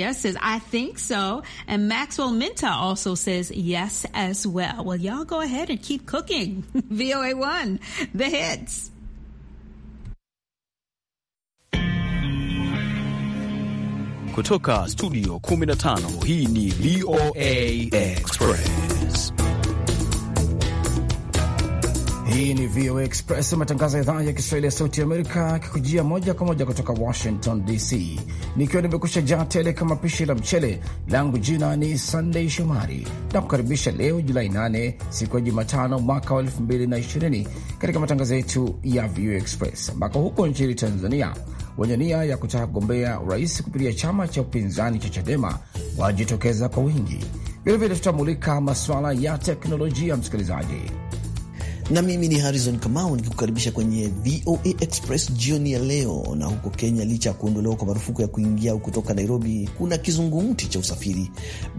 Yes says, I think so. And Maxwell Minta also says yes as well. Well, y'all go ahead and keep cooking. VOA1, the hits. Kutoka Studio 15, hii ni VOA Express. Hii ni VOA Express, matangazo ya idhaa ya Kiswahili ya Sauti Amerika, akikujia moja kwa moja kutoka Washington DC, nikiwa nimekusha jaa tele kama pishi la mchele langu. Jina ni sandey Shomari na kukaribisha leo Julai 8 siku ya Jumatano mwaka wa 2020 katika matangazo yetu ya VOA Express, ambako huko nchini Tanzania wenye nia ya kutaka kugombea urais kupitia chama cha upinzani cha Chadema wajitokeza kwa wingi. Vilevile tutamulika masuala ya teknolojia, msikilizaji na mimi ni Harrison Kamau nikikukaribisha kwenye VOA Express jioni ya leo. Na huko Kenya, licha ya kuondolewa kwa marufuku ya kuingia au kutoka Nairobi, kuna kizungumti cha usafiri,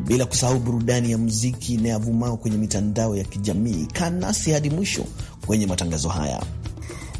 bila kusahau burudani ya muziki inayovumao kwenye mitandao ya kijamii. Kanasi hadi mwisho kwenye matangazo haya.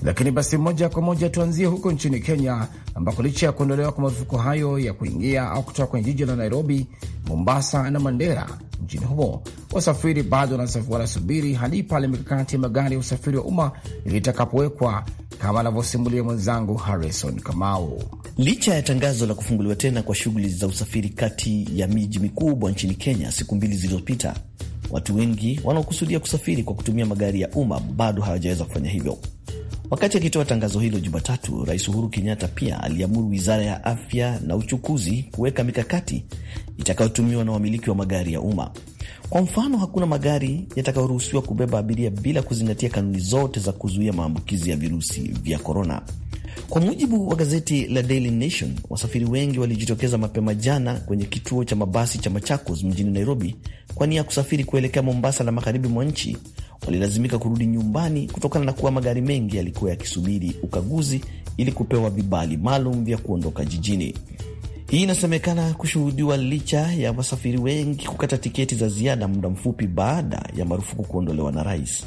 Lakini basi moja kwa moja tuanzie huko nchini Kenya, ambako licha ya kuondolewa kwa marufuku hayo ya kuingia au kutoka kwenye jiji la Nairobi, Mombasa na Mandera nchini humo, wasafiri bado wanasubiri hadi pale mikakati ya magari ya usafiri wa umma itakapowekwa, kama anavyosimulia mwenzangu Harrison Kamau. Licha ya tangazo la kufunguliwa tena kwa shughuli za usafiri kati ya miji mikubwa nchini Kenya siku mbili zilizopita, watu wengi wanaokusudia kusafiri kwa kutumia magari ya umma bado hawajaweza kufanya hivyo. Wakati akitoa tangazo hilo Jumatatu, Rais Uhuru Kenyatta pia aliamuru wizara ya afya na uchukuzi kuweka mikakati itakayotumiwa na wamiliki wa magari ya umma. Kwa mfano, hakuna magari yatakayoruhusiwa kubeba abiria bila kuzingatia kanuni zote za kuzuia maambukizi ya virusi vya korona. Kwa mujibu wa gazeti la Daily Nation, wasafiri wengi walijitokeza mapema jana kwenye kituo cha mabasi cha Machakos mjini Nairobi kwa nia ya kusafiri kuelekea Mombasa na magharibi mwa nchi. Walilazimika kurudi nyumbani kutokana na kuwa magari mengi yalikuwa yakisubiri ukaguzi ili kupewa vibali maalum vya kuondoka jijini. Hii inasemekana kushuhudiwa licha ya wasafiri wengi kukata tiketi za ziada muda mfupi baada ya marufuku kuondolewa na rais.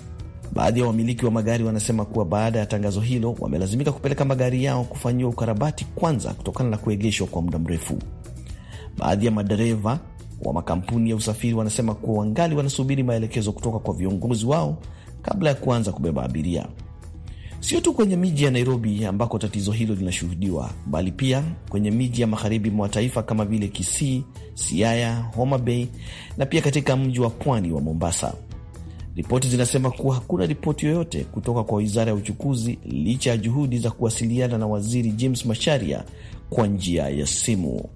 Baadhi ya wamiliki wa magari wanasema kuwa baada ya tangazo hilo wamelazimika kupeleka magari yao kufanyiwa ukarabati kwanza kutokana na kuegeshwa kwa muda mrefu. Baadhi ya madereva wa makampuni ya usafiri wanasema kuwa wangali wanasubiri maelekezo kutoka kwa viongozi wao kabla ya kuanza kubeba abiria. Sio tu kwenye miji ya Nairobi ambako tatizo hilo linashuhudiwa, bali pia kwenye miji ya magharibi mwa taifa kama vile Kisii, Siaya, Homa Bay na pia katika mji wa pwani wa Mombasa. Ripoti zinasema kuwa hakuna ripoti yoyote kutoka kwa wizara ya uchukuzi licha ya juhudi za kuwasiliana na waziri James masharia kwa njia ya simu.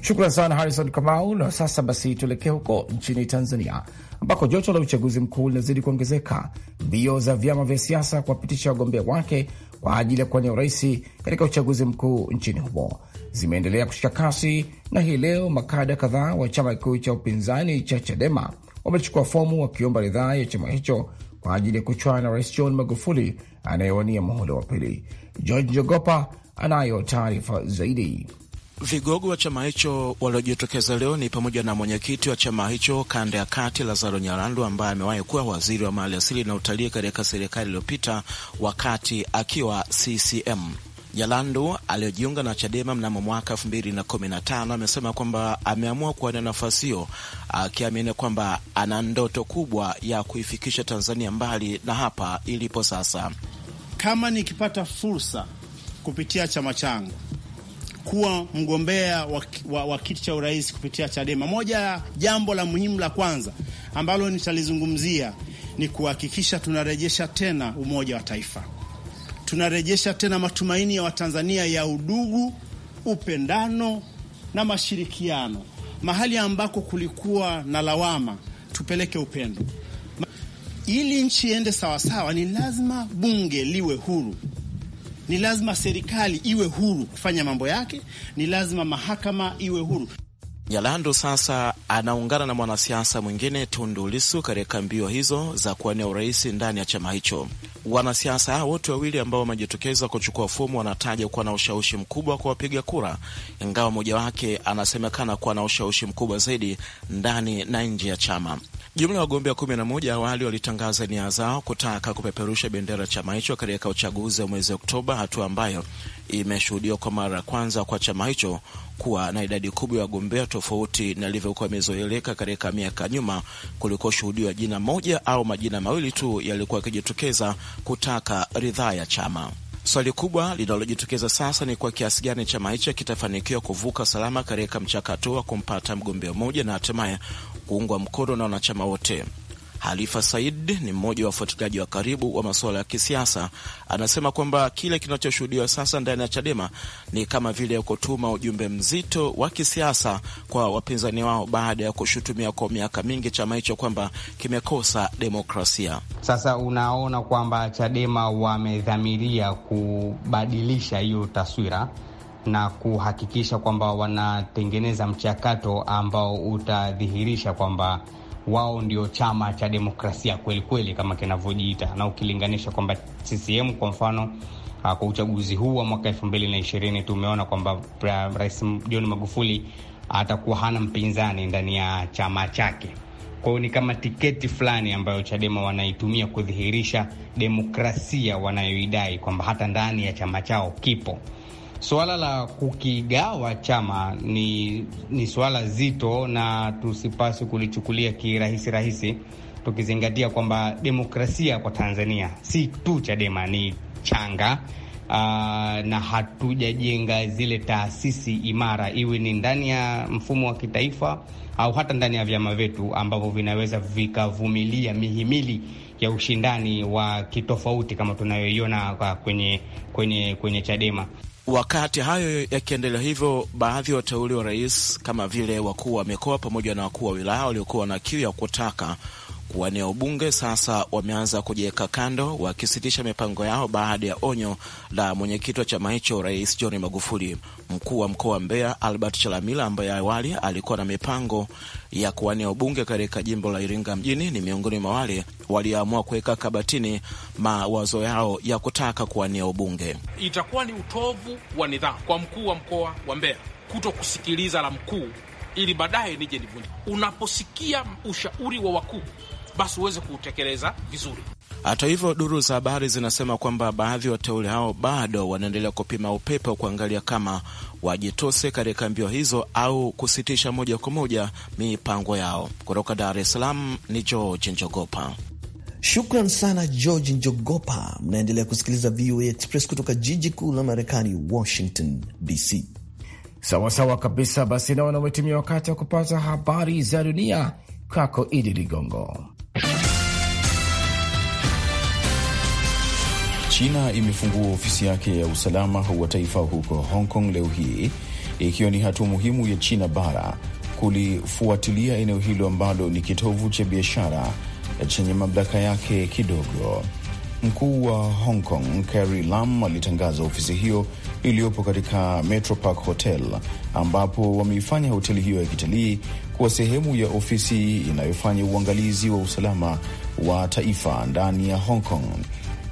Shukran sana Harrison Kamau. Na sasa basi tuelekee huko nchini Tanzania ambako joto la uchaguzi mkuu linazidi kuongezeka, mbio za vyama vya siasa kuwapitisha wagombea wake kwa ajili ya kuwania urais katika uchaguzi mkuu nchini humo zimeendelea kushika kasi, na hii leo makada kadhaa wa chama kikuu cha upinzani cha Chadema wamechukua fomu wakiomba ridhaa ya chama hicho kwa ajili ya kuchwana na rais John Magufuli anayewania muhula wa pili. George Njogopa anayo taarifa zaidi. Vigogo wa chama hicho waliojitokeza leo ni pamoja na mwenyekiti wa chama hicho kanda ya kati Lazaro nyarandu ambaye amewahi kuwa waziri wa mali asili na utalii katika serikali iliyopita wakati akiwa CCM. Jalandu aliyojiunga na Chadema mnamo mwaka 2015 amesema kwamba ameamua kuwania nafasi hiyo akiamini kwamba ana ndoto kubwa ya kuifikisha Tanzania mbali na hapa ilipo sasa. Kama nikipata fursa kupitia chama changu kuwa mgombea wa, wa, wa kiti cha urais kupitia Chadema, moja ya jambo la muhimu la kwanza ambalo nitalizungumzia ni kuhakikisha tunarejesha tena umoja wa taifa tunarejesha tena matumaini ya Watanzania ya udugu, upendano na mashirikiano. Mahali ambako kulikuwa na lawama, tupeleke upendo. Ili nchi iende sawasawa, ni lazima bunge liwe huru, ni lazima serikali iwe huru kufanya mambo yake, ni lazima mahakama iwe huru. Nyalando sasa anaungana na mwanasiasa mwingine Tundu Lisu katika mbio hizo za kuwania urais ndani ya chama hicho. Wanasiasa hao wote wawili ambao wamejitokeza kuchukua fomu wanataja kuwa na ushawishi mkubwa kwa wapiga kura, ingawa mmoja wake anasemekana kuwa na ushawishi mkubwa zaidi ndani na nje ya chama. Jumla ya wagombea kumi na moja awali walitangaza nia zao kutaka kupeperusha bendera ya chama hicho katika uchaguzi wa mwezi Oktoba, hatua ambayo imeshuhudiwa kwa mara ya kwanza kwa chama hicho kuwa na idadi kubwa ya wagombea tofauti na ilivyokuwa imezoeleka katika miaka nyuma, shuhudiwa jina moja au majina mawili tu yalikuwa yakijitokeza kutaka ridhaa ya chama. Swali kubwa linalojitokeza sasa ni kwa kiasi gani chama hicho kitafanikiwa kuvuka salama katika mchakato wa kumpata mgombea mmoja na hatimaye kuungwa mkono na wanachama wote. Halifa Said ni mmoja wa wafuatiliaji wa karibu wa masuala ya kisiasa, anasema kwamba kile kinachoshuhudiwa sasa ndani ya Chadema ni kama vile kutuma ujumbe mzito wa kisiasa kwa wapinzani wao baada ya kushutumia kwa miaka mingi chama hicho kwamba kimekosa demokrasia. Sasa unaona kwamba Chadema wamedhamiria kubadilisha hiyo taswira na kuhakikisha kwamba wanatengeneza mchakato ambao utadhihirisha kwamba wao ndio chama cha demokrasia kweli kweli kama kinavyojiita, na ukilinganisha kwamba CCM kwa mfano ah, kwa uchaguzi huu wa mwaka elfu mbili na ishirini tumeona kwamba Rais John Magufuli atakuwa hana mpinzani ndani ya chama chake. Kwa hiyo ni kama tiketi fulani ambayo Chadema wanaitumia kudhihirisha demokrasia wanayoidai kwamba hata ndani ya chama chao kipo. Suala la kukigawa chama ni, ni suala zito na tusipaswi kulichukulia kirahisi rahisi, tukizingatia kwamba demokrasia kwa Tanzania si tu Chadema ni changa Uh, na hatujajenga zile taasisi imara, iwe ni ndani ya mfumo wa kitaifa au hata ndani ya vyama vyetu ambavyo vinaweza vikavumilia mihimili ya ushindani wa kitofauti kama tunayoiona kwenye, kwenye, kwenye Chadema. Wakati hayo yakiendelea hivyo, baadhi ya wateuli wa rais kama vile wakuu wa mikoa pamoja na wakuu wa wilaya waliokuwa na kiu ya kutaka kuwania ubunge sasa wameanza kujiweka kando, wakisitisha mipango yao baada ya onyo la mwenyekiti wa chama hicho, Rais John Magufuli. Mkuu wa mkoa wa Mbeya Albert Chalamila, ambaye awali alikuwa na mipango ya kuwania ubunge katika jimbo la Iringa mjini, ni miongoni mwa wale walioamua kuweka kabatini mawazo yao ya kutaka kuwania ubunge. Itakuwa ni utovu wa nidhamu kwa mkuu wa mkoa wa Mbeya kuto kusikiliza la mkuu, ili baadaye nije nivunje. Unaposikia ushauri wa wakuu basi uweze kuutekeleza vizuri. Hata hivyo, duru za habari zinasema kwamba baadhi ya wateule hao bado wanaendelea kupima upepo kuangalia kama wajitose katika mbio hizo au kusitisha moja kwa moja mipango yao. Kutoka Dar es Salaam ni George Njogopa. Shukran sana George Njogopa. Mnaendelea kusikiliza VOA Express kutoka jiji kuu la Marekani, Washington DC. Sawasawa kabisa. Basi naona umetumia wakati wa kupata habari za dunia. Kwako Idi Ligongo. China imefungua ofisi yake ya usalama wa taifa huko Hong Kong leo hii, ikiwa ni hatua muhimu ya China bara kulifuatilia eneo hilo ambalo ni kitovu cha biashara chenye mamlaka yake kidogo. Mkuu wa Hong Kong Carrie Lam alitangaza ofisi hiyo iliyopo katika Metro Park Hotel, ambapo wameifanya hoteli hiyo ya kitalii kuwa sehemu ya ofisi inayofanya uangalizi wa usalama wa taifa ndani ya Hong Kong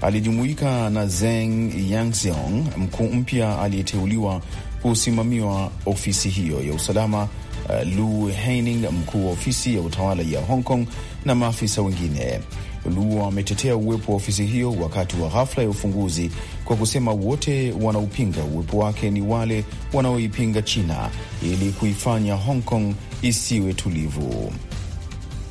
alijumuika na Zeng Yangseong, mkuu mpya aliyeteuliwa kusimamiwa ofisi hiyo ya usalama, uh, Lu Heining, mkuu wa ofisi ya utawala ya Hong Kong na maafisa wengine. Lu ametetea uwepo wa ofisi hiyo wakati wa hafla ya ufunguzi kwa kusema wote wanaopinga uwepo wake ni wale wanaoipinga China ili kuifanya Hong Kong isiwe tulivu.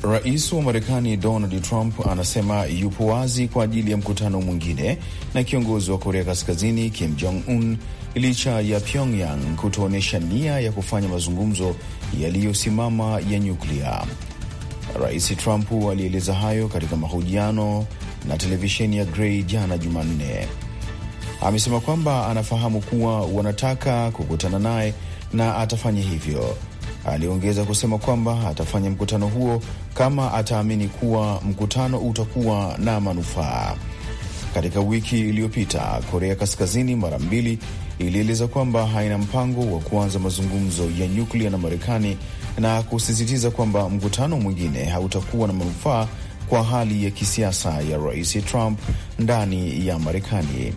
Rais wa Marekani Donald Trump anasema yupo wazi kwa ajili ya mkutano mwingine na kiongozi wa Korea Kaskazini Kim Jong Un licha ya Pyongyang kutoonyesha nia ya kufanya mazungumzo yaliyosimama ya nyuklia. Rais Trump alieleza hayo katika mahojiano na televisheni ya Gray jana Jumanne. Amesema kwamba anafahamu kuwa wanataka kukutana naye na atafanya hivyo. Aliongeza kusema kwamba atafanya mkutano huo kama ataamini kuwa mkutano utakuwa na manufaa. Katika wiki iliyopita, Korea Kaskazini mara mbili ilieleza kwamba haina mpango wa kuanza mazungumzo ya nyuklia na Marekani na kusisitiza kwamba mkutano mwingine hautakuwa na manufaa kwa hali ya kisiasa ya Rais Trump ndani ya Marekani.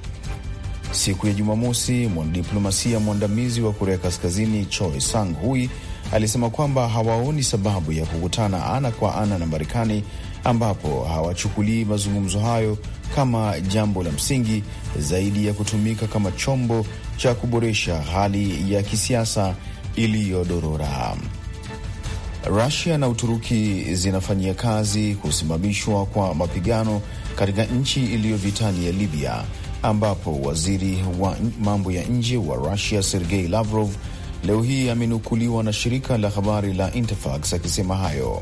Siku ya Jumamosi, mwanadiplomasia mwandamizi wa Korea Kaskazini Choi Sang-hui alisema kwamba hawaoni sababu ya kukutana ana kwa ana na Marekani, ambapo hawachukulii mazungumzo hayo kama jambo la msingi zaidi ya kutumika kama chombo cha kuboresha hali ya kisiasa iliyodorora. Rusia na Uturuki zinafanyia kazi kusimamishwa kwa mapigano katika nchi iliyovitani ya Libya, ambapo waziri wa mambo ya nje wa Rusia Sergei Lavrov leo hii amenukuliwa na shirika la habari la Interfax akisema hayo.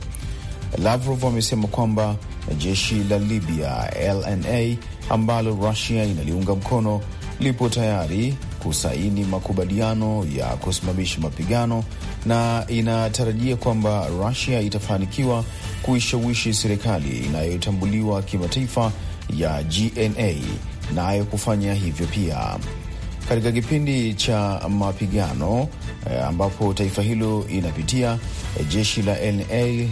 Lavrov amesema kwamba jeshi la Libya LNA ambalo Rusia inaliunga mkono lipo tayari kusaini makubaliano ya kusimamisha mapigano na inatarajia kwamba Rusia itafanikiwa kuishawishi serikali inayotambuliwa kimataifa ya GNA nayo na kufanya hivyo pia katika kipindi cha mapigano eh, ambapo taifa hilo inapitia eh, jeshi la na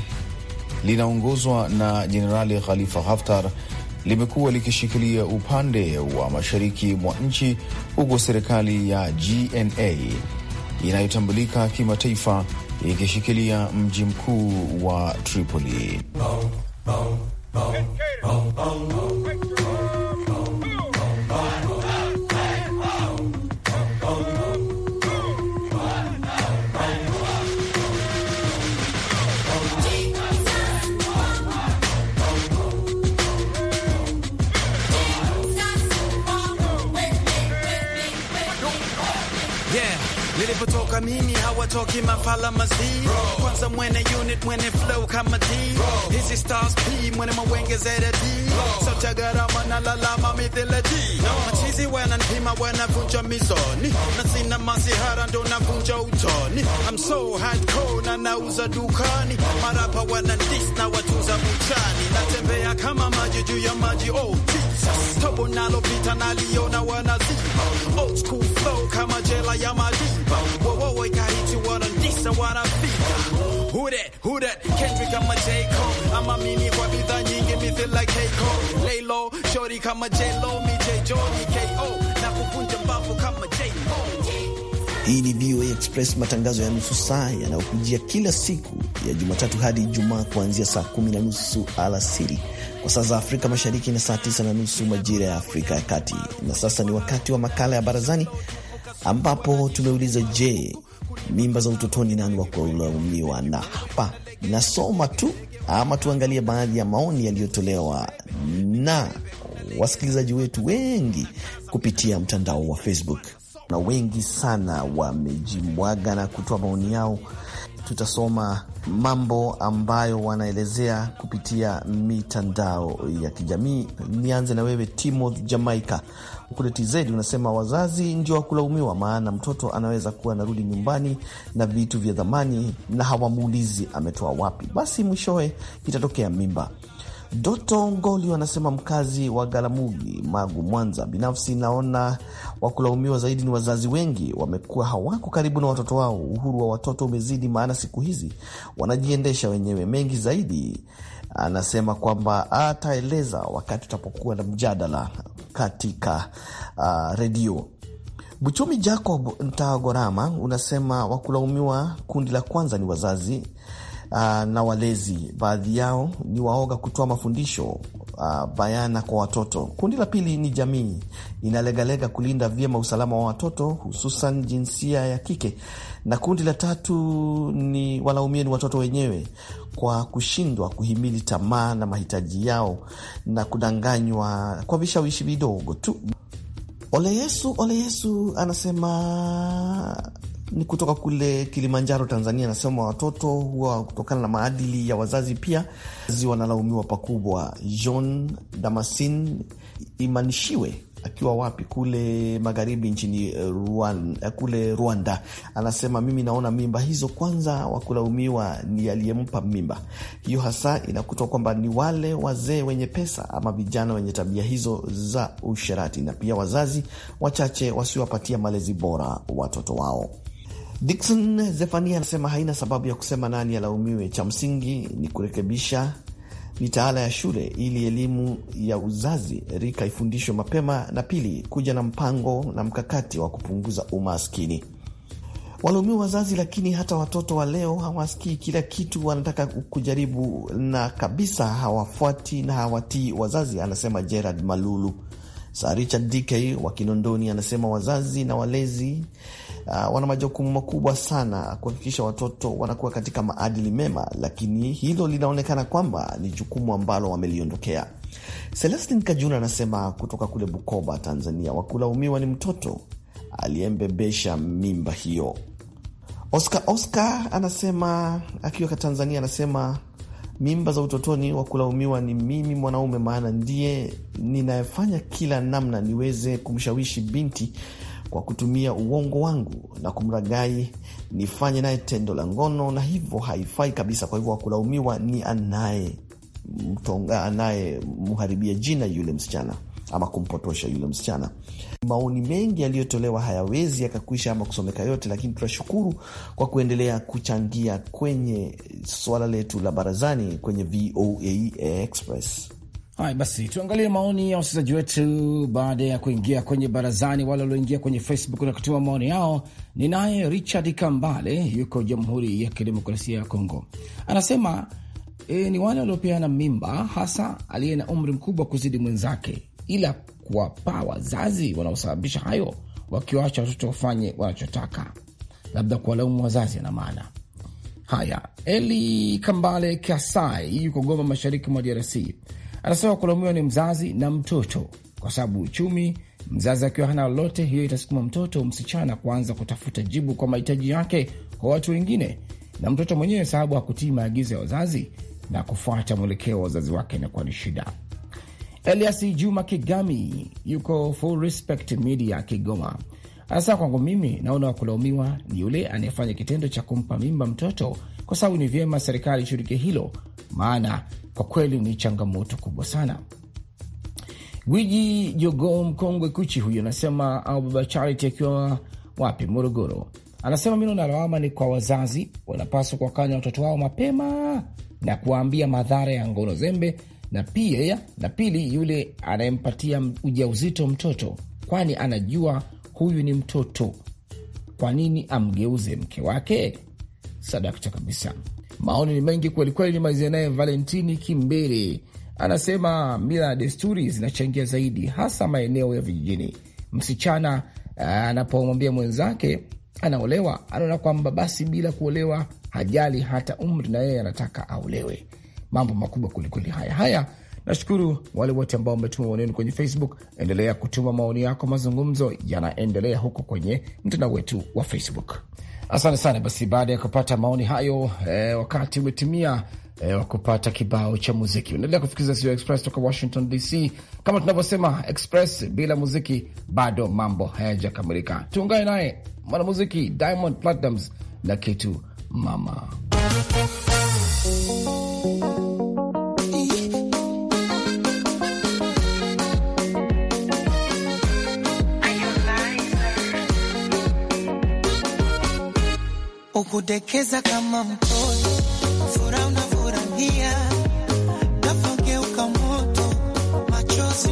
linaongozwa na Jenerali Khalifa Haftar limekuwa likishikilia upande wa mashariki mwa nchi huku serikali ya GNA inayotambulika kimataifa ikishikilia mji mkuu wa Tripoli. watoki mafala mazii when mwene unit when it flow come kama D hizi stars when my at a deep. So P la mawengezera D sauti gharama na lalama mithile D machizi wananipima wanavunja mizoni na sina masihara ndo navunja utoni I'm so hardcore na na uza dukani marapa wanandis na watuza Na natembea kama maji juu ya maji oh Jesus tobo nalopita naliona oh, wanaziba old school flow kama jela ya whoa whoa. kabisa wanafika. Who that, who that, Kendrick kama J. Cole. Ama mimi kwa bidhaa nyingi mithila K. Cole. Lay low, shorty kama J. Lo, mi J. Joni K.O. Na kukunja mbavu kama J. Hii ni VOA Express, matangazo ya nusu saa yanayokujia kila siku ya Jumatatu hadi Ijumaa kuanzia saa kumi na nusu alasiri kwa saa za Afrika Mashariki na saa tisa na nusu majira ya Afrika ya Kati. Na sasa ni wakati wa makala ya Barazani, ambapo tumeuliza je, mimba za utotoni, nani wa kulaumiwa? Na hapa nasoma tu ama tuangalie baadhi ya maoni yaliyotolewa na wasikilizaji wetu wengi kupitia mtandao wa Facebook, na wengi sana wamejimwaga na kutoa maoni yao tutasoma mambo ambayo wanaelezea kupitia mitandao ya kijamii. Nianze na wewe Timoth Jamaica kule TZ unasema wazazi ndio wakulaumiwa, maana mtoto anaweza kuwa anarudi nyumbani na vitu vya dhamani na hawamuulizi ametoa wapi, basi mwishowe itatokea mimba. Doto Ngoli wanasema mkazi wa Galamugi, Magu, Mwanza, binafsi naona wakulaumiwa zaidi ni wazazi. Wengi wamekuwa hawako karibu na watoto wao. Uhuru wa watoto umezidi, maana siku hizi wanajiendesha wenyewe mengi zaidi. Anasema kwamba ataeleza wakati utapokuwa na mjadala katika uh, redio. Buchumi Jacob Ntagorama unasema wakulaumiwa kundi la kwanza ni wazazi uh, na walezi, baadhi yao ni waoga kutoa mafundisho uh, bayana kwa watoto. Kundi la pili ni jamii inalegalega kulinda vyema usalama wa watoto, hususan jinsia ya kike, na kundi la tatu ni walaumia ni watoto wenyewe kwa kushindwa kuhimili tamaa na mahitaji yao na kudanganywa kwa vishawishi vidogo tu. Ole Yesu, ole Yesu anasema ni kutoka kule Kilimanjaro, Tanzania. Anasema watoto huwa kutokana na maadili ya wazazi pia wazazi wanalaumiwa pakubwa. John Damasin Imanishiwe akiwa wapi kule magharibi nchini eh, Rwanda, eh, kule Rwanda anasema, mimi naona mimba hizo kwanza wakulaumiwa ni aliyempa mimba hiyo, hasa inakutwa kwamba ni wale wazee wenye pesa ama vijana wenye tabia hizo za usherati, na pia wazazi wachache wasiowapatia malezi bora watoto wao. Dikson Zefania anasema haina sababu ya kusema nani alaumiwe. Cha msingi ni kurekebisha mitaala ya shule ili elimu ya uzazi rika ifundishwe mapema, na pili, kuja na mpango na mkakati wa kupunguza umaskini. Walaumiwa wazazi, lakini hata watoto wa leo hawasikii kila kitu, wanataka kujaribu na kabisa hawafuati na hawatii wazazi, anasema Gerard Malulu. Sir Richard Dickey wa Kinondoni anasema wazazi na walezi uh, wana majukumu makubwa sana kuhakikisha watoto wanakuwa katika maadili mema, lakini hilo linaonekana kwamba ni jukumu ambalo wameliondokea. Celestin Kajuna anasema kutoka kule Bukoba, Tanzania, wakulaumiwa ni mtoto aliyembebesha mimba hiyo. Oscar Oscar anasema akiwa Tanzania, anasema mimba za utotoni, wa kulaumiwa ni mimi mwanaume, maana ndiye ninayefanya kila namna niweze kumshawishi binti kwa kutumia uongo wangu na kumragai nifanye naye tendo la ngono, na hivyo haifai kabisa. Kwa hivyo wakulaumiwa ni anaye mtonga, anayemharibia jina yule msichana ama kumpotosha yule msichana maoni mengi yaliyotolewa hayawezi yakakwisha ama kusomeka yote, lakini tunashukuru kwa kuendelea kuchangia kwenye swala letu la barazani kwenye VOA Express. Haya basi, tuangalie maoni ya wasikilizaji wetu baada ya kuingia kwenye barazani, wale walioingia kwenye Facebook na kutuma maoni yao. Ni naye Richard Kambale, yuko Jamhuri ya Kidemokrasia ya Kongo, anasema e, ni wale waliopeana mimba, hasa aliye na umri mkubwa kuzidi mwenzake, ila kuwapa wazazi wanaosababisha hayo, wakiwacha watoto wafanye wanachotaka, labda kuwalaumu wazazi na maana haya. Eli Kambale Kasai yuko Goma, mashariki mwa DRC, anasema kulaumiwa ni mzazi na mtoto kwa sababu uchumi. Mzazi akiwa hana lolote, hiyo itasukuma mtoto msichana kuanza kutafuta jibu kwa mahitaji yake kwa watu wengine, na mtoto mwenyewe sababu hakutii maagizo ya wazazi na kufuata mwelekeo wa wazazi wake inakuwa ni shida. Elias Juma Kigami yuko Full Respect Media Kigoma, anasema kwangu mimi naona wakulaumiwa ni yule anayefanya kitendo cha kumpa mimba mtoto, kwa sababu ni vyema serikali ishirike hilo, maana kwa kweli ni changamoto kubwa sana. Gwiji jogo Mkongwe Kuchi huyu anasema, au Baba Charity akiwa wapi Morogoro, anasema mino nalawama ni kwa wazazi, wanapaswa kuwakanya watoto wao mapema na kuwaambia madhara ya ngono zembe na pia na pili, yule anayempatia ujauzito mtoto, kwani anajua huyu ni mtoto, kwa nini amgeuze mke wake? Sadakta kabisa. Maoni ni mengi kwelikweli. Nimalizia naye Valentini Kimbere, anasema mila na desturi zinachangia zaidi, hasa maeneo ya vijijini. Msichana ah, anapomwambia mwenzake anaolewa, anaona kwamba basi bila kuolewa hajali hata umri, na yeye anataka aolewe mambo makubwa kwelikweli. Haya haya, nashukuru wale wote ambao wametuma maoni kwenye Facebook. Endelea kutuma maoni yako, mazungumzo yanaendelea huko kwenye mtandao wetu wa Facebook. Asante sana. Basi baada ya kupata maoni hayo, eh, wakati umetimia E, wa kupata kibao cha muziki. Unaendelea kufikiriza sio Express toka Washington DC. Kama tunavyosema Express bila muziki bado mambo hayajakamilika. Tuungane naye mwanamuziki Diamond Platnumz na kitu mama ukudekeza kama mkono fura unavurahia, gafageuka moto machozi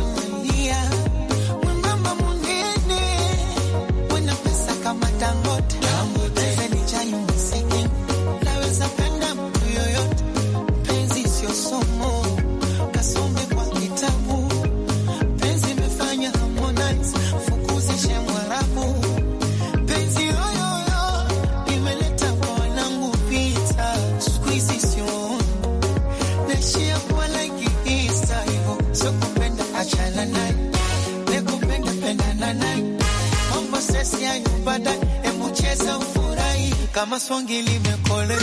ukipata, hebu cheza ufurahi kama swangi limekolea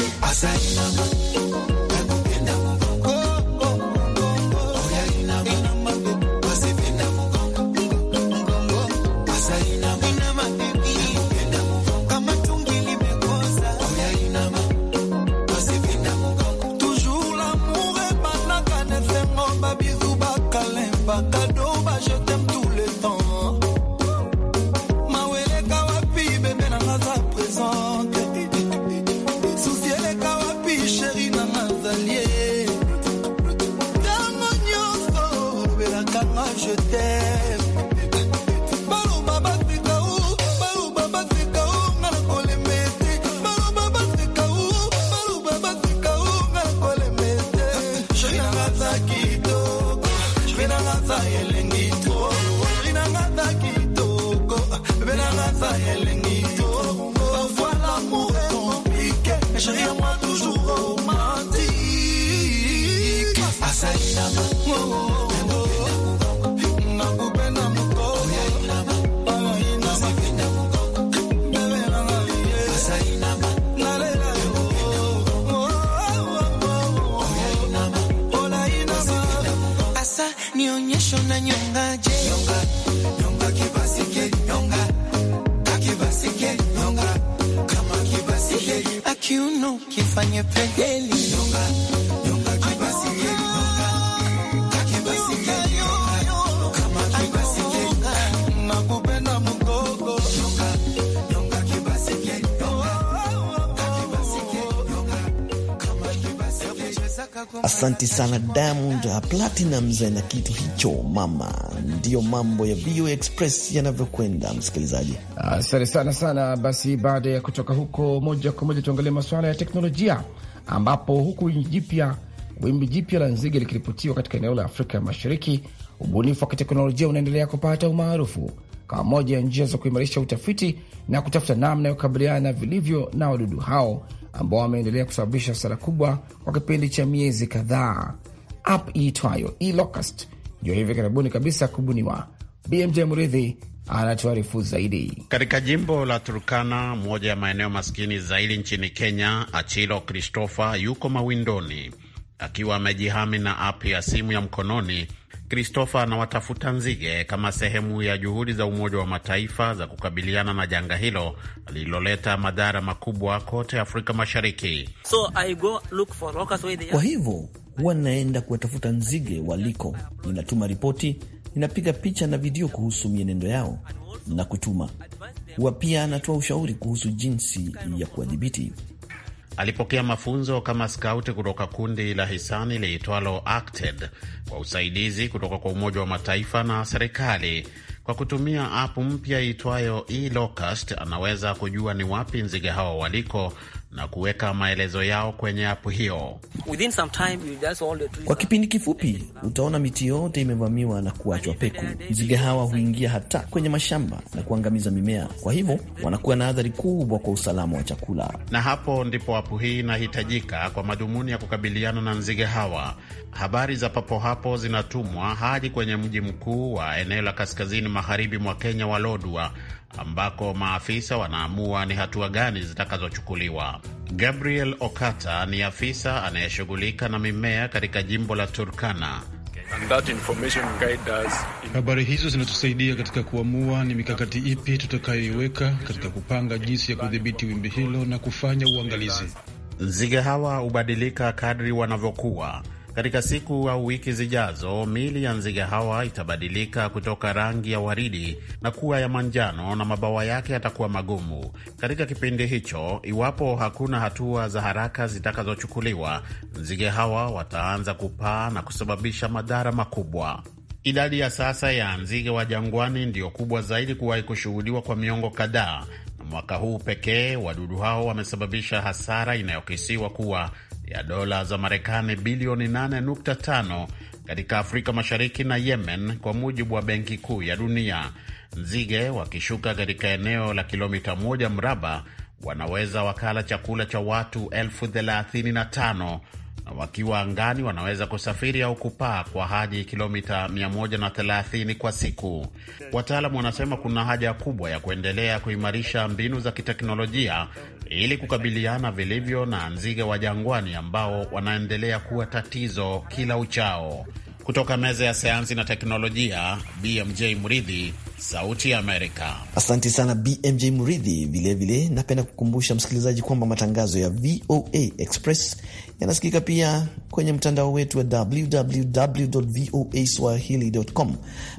off on your pick. Asanti sana Diamond uh, Platinumz na kitu hicho mama. Ndiyo mambo ya VOA Express yanavyokwenda, msikilizaji. Asante sana sana. Basi baada ya kutoka huko, moja kwa moja tuangalie masuala ya teknolojia, ambapo huku jipya wimbi jipya la nzige likiripotiwa katika eneo la Afrika ya Mashariki, ubunifu wa kiteknolojia unaendelea kupata umaarufu kama moja ya njia za kuimarisha utafiti na kutafuta namna ya kukabiliana vilivyo na wadudu hao ambao wameendelea kusababisha hasara kubwa kwa kipindi cha miezi kadhaa. App iitwayo eLocust ndio hivi karibuni kabisa kubuniwa. BMJ Mridhi anatuarifu zaidi. Katika jimbo la Turkana, moja ya maeneo maskini zaidi nchini Kenya, Achilo Christopher yuko mawindoni akiwa amejihami na app ya simu ya mkononi Christopher anawatafuta nzige kama sehemu ya juhudi za Umoja wa Mataifa za kukabiliana na janga hilo lililoleta madhara makubwa kote Afrika Mashariki. So I go look for where they are. Kwa hivyo huwa ninaenda kuwatafuta nzige waliko, ninatuma ripoti, ninapiga picha na video kuhusu mienendo yao na kutuma. Huwa pia anatoa ushauri kuhusu jinsi ya kuwadhibiti. Alipokea mafunzo kama scout kutoka kundi la hisani liitwalo Acted kwa usaidizi kutoka kwa Umoja wa Mataifa na serikali. Kwa kutumia apu mpya iitwayo eLocust anaweza kujua ni wapi nzige hao waliko na kuweka maelezo yao kwenye apu hiyo. Kwa kipindi kifupi, utaona miti yote imevamiwa na kuachwa peku. Nzige hawa huingia hata kwenye mashamba na kuangamiza mimea, kwa hivyo wanakuwa na athari kubwa kwa usalama wa chakula. Na hapo ndipo apu hii inahitajika kwa madhumuni ya kukabiliana na nzige hawa. Habari za papo hapo zinatumwa hadi kwenye mji mkuu wa eneo la kaskazini magharibi mwa Kenya wa Lodwar ambako maafisa wanaamua ni hatua gani zitakazochukuliwa. Gabriel Okata ni afisa anayeshughulika na mimea katika jimbo la Turkana. Habari hizo zinatusaidia katika kuamua ni mikakati ipi tutakayoiweka katika kupanga jinsi ya kudhibiti wimbi hilo na kufanya uangalizi. Nzige hawa hubadilika kadri wanavyokuwa katika siku au wiki zijazo, mili ya nzige hawa itabadilika kutoka rangi ya waridi na kuwa ya manjano na mabawa yake yatakuwa magumu. Katika kipindi hicho, iwapo hakuna hatua za haraka zitakazochukuliwa, nzige hawa wataanza kupaa na kusababisha madhara makubwa. Idadi ya sasa ya nzige wa jangwani ndiyo kubwa zaidi kuwahi kushuhudiwa kwa miongo kadhaa, na mwaka huu pekee wadudu hao wamesababisha hasara inayokisiwa kuwa ya dola za Marekani bilioni 8.5 katika Afrika Mashariki na Yemen, kwa mujibu wa Benki Kuu ya Dunia. Nzige wakishuka katika eneo la kilomita moja mraba wanaweza wakala chakula cha watu elfu thelathini na tano wakiwa angani wanaweza kusafiri au kupaa kwa hadi kilomita 130 kwa siku. Wataalamu wanasema kuna haja kubwa ya kuendelea kuimarisha mbinu za kiteknolojia ili kukabiliana vilivyo na nzige wa jangwani ambao wanaendelea kuwa tatizo kila uchao. Kutoka meza ya sayansi na teknolojia, BMJ Mridhi Sauti ya Amerika. Asante sana BMJ Muridhi. Vilevile napenda kukumbusha msikilizaji kwamba matangazo ya VOA Express yanasikika pia kwenye mtandao wetu wa www voa swahili.com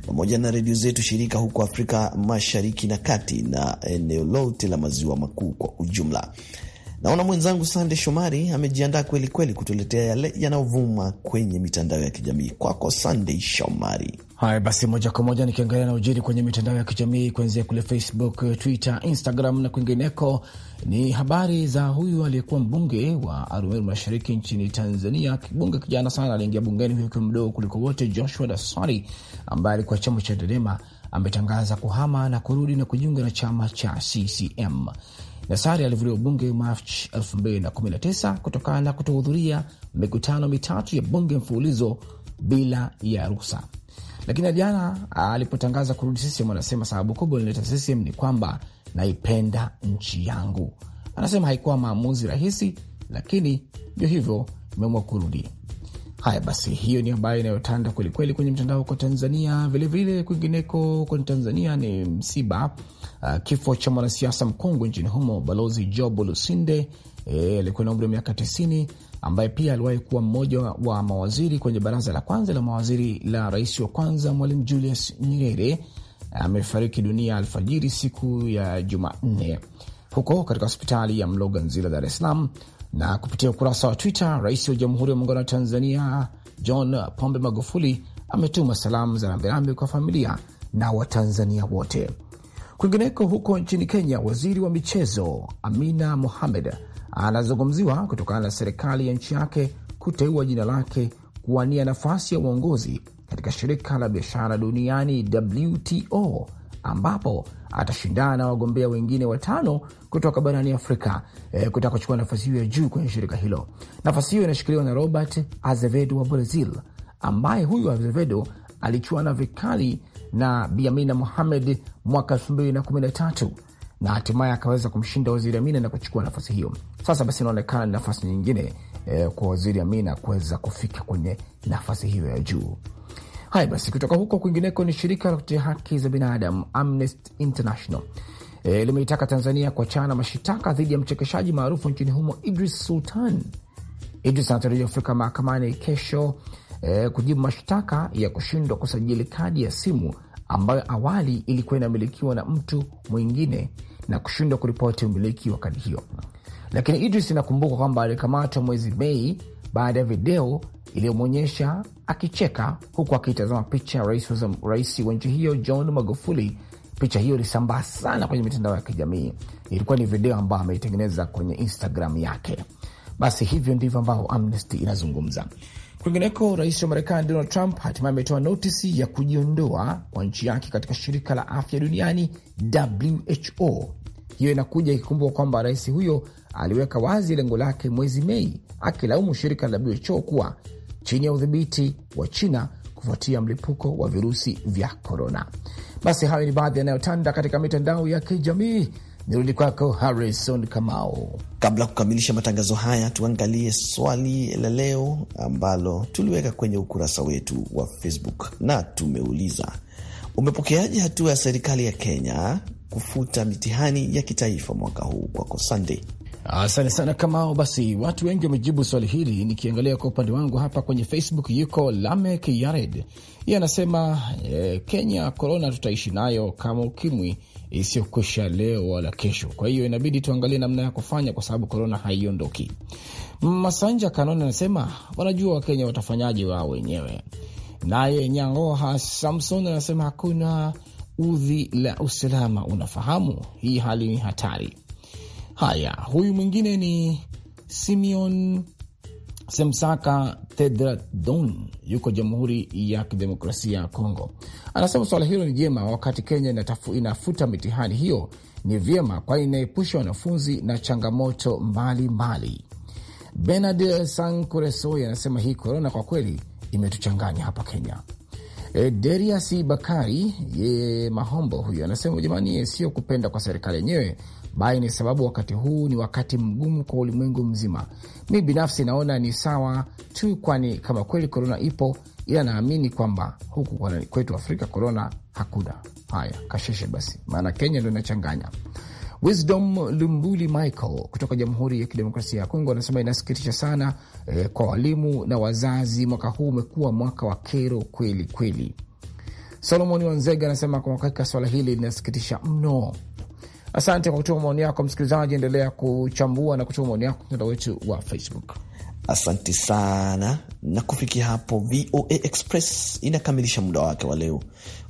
pamoja na redio zetu shirika huko Afrika Mashariki na Kati na eneo lote la maziwa makuu kwa ujumla. Naona mwenzangu Sande Shomari amejiandaa kweli kweli kutuletea yale yanayovuma kwenye mitandao ya kijamii. Kwako sandey Shomari. Haya basi, moja kwa moja nikiangalia na ujiri kwenye mitandao ya kijamii kuanzia kule Facebook, Twitter, Instagram na kwingineko, ni habari za huyu aliyekuwa mbunge wa Arumeru Mashariki nchini Tanzania, kibunge kijana sana, aliingia bungeni huyo akiwa mdogo kuliko wote, Joshua Dasari ambaye alikuwa chama cha dedema ametangaza kuhama na kurudi na kujiunga na chama cha CCM. Dasari alivuliwa bunge Machi 2019 kutokana na kutohudhuria mikutano mitatu ya bunge mfululizo bila ya ruhusa. Lakini jana ah, alipotangaza kurudi CCM, anasema sababu kubwa ilileta CCM ni kwamba naipenda nchi yangu. Anasema haikuwa maamuzi rahisi, lakini ndio hivyo, imeamua kurudi. Haya basi, hiyo ni ambayo inayotanda kwelikweli kwenye mtandao huko Tanzania. Vilevile kwingineko huko Tanzania ni msiba, uh, kifo cha mwanasiasa mkongwe nchini humo Balozi Jobo Lusinde eh, alikuwa e, na umri wa miaka tisini ambaye pia aliwahi kuwa mmoja wa mawaziri kwenye baraza la kwanza la mawaziri la rais wa kwanza Mwalimu Julius Nyerere amefariki dunia alfajiri siku ya Jumanne huko katika hospitali ya Mloganzila, Dar es Salaam. Na kupitia ukurasa wa Twitter, rais wa Jamhuri ya Muungano wa Tanzania John Pombe Magufuli ametuma salamu za rambirambi kwa familia na Watanzania wote. Kwingineko huko nchini Kenya, waziri wa michezo Amina Mohamed anazungumziwa kutokana na serikali ya nchi yake kuteua jina lake kuwania nafasi ya uongozi katika shirika la biashara duniani WTO, ambapo atashindana na wagombea wengine watano kutoka barani Afrika e, kutaka kuchukua nafasi hiyo ya juu kwenye shirika hilo. Nafasi hiyo inashikiliwa na Robert Azevedo wa Brazil, ambaye huyu Azevedo alichuana vikali na Biamina Mohamed mwaka 2013 na hatimaye akaweza kumshinda Waziri Amina na kuchukua nafasi hiyo. Sasa basi inaonekana ni nafasi nyingine eh, kwa Waziri Amina kuweza kufika kwenye nafasi hiyo ya juu. Haya basi, kutoka huko kwingineko ni shirika la kutetea haki za binadamu Amnesty International eh, limeitaka Tanzania kuachana na mashitaka dhidi ya mchekeshaji maarufu nchini humo Idris Sultan. Idris anatarajia kufika mahakamani kesho eh, kujibu mashtaka ya kushindwa kusajili kadi ya simu ambayo awali ilikuwa inamilikiwa na mtu mwingine na kushindwa kuripoti umiliki wa kadi hiyo. Lakini Idris inakumbuka kwamba alikamatwa mwezi Mei baada ya video iliyomwonyesha akicheka huku akitazama picha ya rais wa nchi hiyo John Magufuli. Picha hiyo ilisambaa sana kwenye mitandao ya kijamii. Ilikuwa ni video ambayo ameitengeneza kwenye Instagram yake. Basi hivyo ndivyo ambavyo Amnesty inazungumza. Kwingineko, rais wa Marekani Donald Trump hatimaye ametoa notisi ya kujiondoa kwa nchi yake katika shirika la afya duniani WHO. Hiyo inakuja ikikumbuka kwamba rais huyo aliweka wazi lengo lake mwezi Mei, akilaumu shirika la WHO kuwa chini ya udhibiti wa China kufuatia mlipuko wa virusi vya korona. Basi hayo ni baadhi yanayotanda katika mitandao ya kijamii. Nirudi kwako Harrison Kamau. Kabla ya kukamilisha matangazo haya, tuangalie swali la leo ambalo tuliweka kwenye ukurasa wetu wa Facebook na tumeuliza, umepokeaje hatua ya serikali ya Kenya kufuta mitihani ya kitaifa mwaka huu? Kwako Sande. Asante sana Kamao. Basi watu wengi wamejibu swali hili. Nikiangalia kwa upande wangu hapa kwenye Facebook, yuko Lamek Yared, yeye anasema e, Kenya korona tutaishi nayo kama ukimwi isiyokwisha leo wala kesho. Kwa hiyo inabidi tuangalie namna ya kufanya, kwa sababu korona haiondoki. Masanja kanon anasema wanajua Wakenya watafanyaje wao wenyewe. Naye Nyangoha Samson anasema hakuna udhi la usalama, unafahamu hii hali ni hatari Haya, huyu mwingine ni Simeon Semsaka Tedradon, yuko Jamhuri ya Kidemokrasia ya Kongo. Anasema swala hilo ni jema, wakati Kenya inatafu, inafuta mitihani hiyo ni vyema, kwani inaepusha wanafunzi na changamoto mbalimbali. Benard Sankuresoi anasema hii korona kwa kweli imetuchanganya hapa Kenya. E, Derias Bakari ye Mahombo huyo anasema jamani, sio kupenda kwa serikali yenyewe, Bai ni sababu wakati huu ni wakati mgumu kwa ulimwengu mzima. Mi binafsi naona ni sawa tu, kwani kama kweli korona ipo, ila naamini kwamba huku kwetu Afrika korona hakuna. Haya, kasheshe basi, maana Kenya ndo inachanganya. Wisdom Lumbuli Michael kutoka Jamhuri ya Kidemokrasia ya Kongo anasema inasikitisha sana eh, kwa walimu na wazazi. Mwaka huu umekuwa mwaka wa kero kweli kweli. Solomon Wanzega anasema kwa hakika swala hili linasikitisha mno. Asante kwa kutuma maoni yako msikilizaji, endelea kuchambua na kutuma maoni yako mtandao wetu wa Facebook. Asante sana. Na kufikia hapo, VOA Express inakamilisha muda wake wa leo.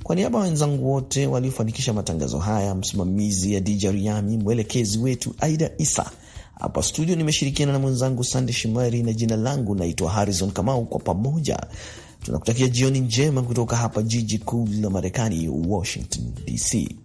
Kwa niaba ya wenzangu wote waliofanikisha matangazo haya, msimamizi ya DJ Riami, mwelekezi wetu Aida Isa, hapa studio nimeshirikiana na mwenzangu Sande Shimari na jina langu naitwa Harrison Kamau. Kwa pamoja tunakutakia jioni njema kutoka hapa jiji kuu la Marekani, Washington DC.